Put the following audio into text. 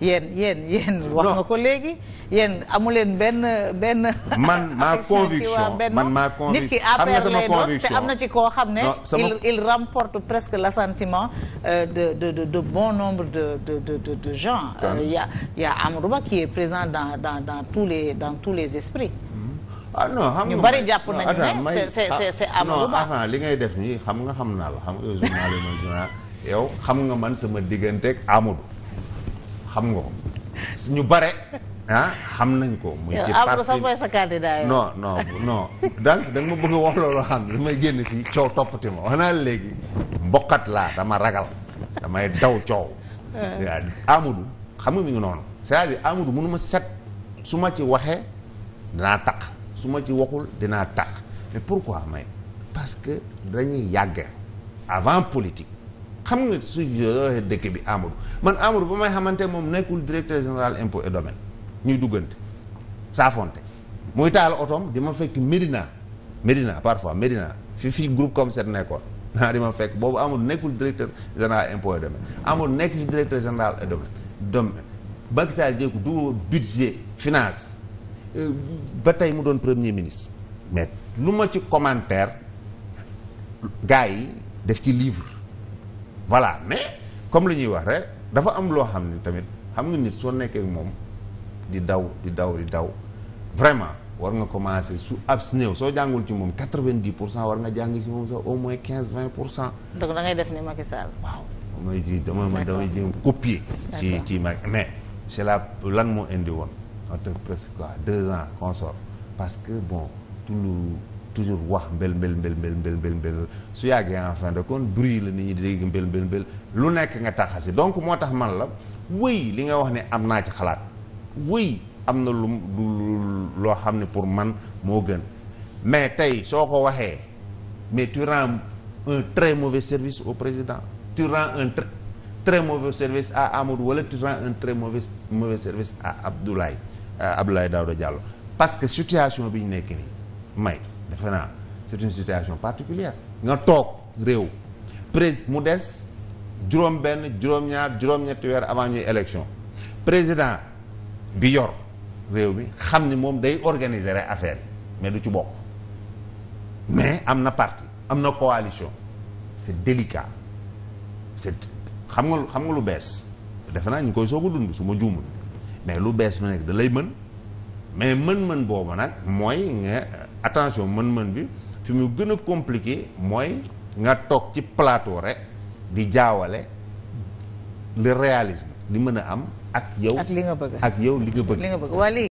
yéen yéen yéen wax nga ko léegi yéen amuleen benn benn man ma conviction man ma conviction nit ki APR lay doon te am na ci koo xam ne il il remporte presque l'assentiment euh, de de de de bon nombre de de de de, de gens il euh, y a il y a Amadou Ba qui est présent dans dans dans tous les dans tous les esprits hmm. ah non xam nga ñu bari jàpp nañu ne c'est c'est c'est ah, Ba li ngay def nii xam nga xam naa la xam nga yow journal yow xam nga man sama digganteeg Amadou xam nga ko ñu bare ah xam nañ ko. muy ci parti sax mooy sa candidat non da ma bëgg a wax loolu xam ne damay génn fii coow toppati ma wax naa léegi mboqat laa dama ragal damay daw coow. Amadou xam nga mu ngi noonu. c'est-à-dire Amadou mënu ma set su ma ci waxee danaa taq su ma ci waxul dinaa taq mais pourquoi may parce que dañuy yàgg avant politique. xam nga su waxee dëkk bi Amadou man Amadou ba may xamante moom nekkul directeur général impôt et domaine ñuy duggante saafonte muy taal otoom di ma fekk Médina Médina parfois Médina fi fi groupe comme set nekkoon naa ah, di ma fekk boobu Amadou nekkul directeur général impôt et domaine Amadou nekk fi directeur général et domaine domaine Macky Sall du budget finance euh, ba tey mu doon premier ministre mais lu ma ci commentaire gars yi def ci livre voilà mais comme li ñuy wax rek dafa am loo xam ne tamit xam nga nit soo nekkeek moom di daw di daw di daw vraiment war nga commencer su absnéw soo jàngul ci moom quatre-vingt-dix pour cent war nga jàng ci moom sax au moins quinze vingt pour cent. donc da def ni Macky Sall. waaw damay ji damay man damay jéem copier. ci ci Macky mais c'est la lan moo indi woon. en presque quoi deux ans qu'on parce que bon toujours wax mbel mbel mbel mbel mbel mbel mbel su yàggee en fin de compte bruit la nit ñi di dégg mbel mbel mbel lu nekk nga taxasi donc moo tax man la wéy li nga wax ne am naa ci xalaat wéy am na lu loo xam ne pour man moo gën mais tey soo ko waxee mais tu rends un très mauvais service au président tu rends un très, très mauvais service à Amadou wala tu rends un très mauvais service à Abdoulaye à Abdoulaye Daouda jàll parce que situation bi ñu nekk nii may defe naa c'est une situation particulière nga toog réew prés mu des juróom benn juróom-ñaar juróom-ñetti weer avant ñuy élection président bi yor réew mi xam ni moom day organiser rek affaire mais du ci bokk mais am na parti am na coalition c'est délicat c'est xam nga lu xam nga lu bees defe naa ñu koy soog a dund su ma juumul mais lu bees lu nekk da mën mais mën-mën boobu nag mooy attention mën-mën bi fi mu gën a compliqué mooy nga toog ci palaato rek di jaawale le réalisme li mën a am ak yow ak li nga bëgg ak yow li nga bëgg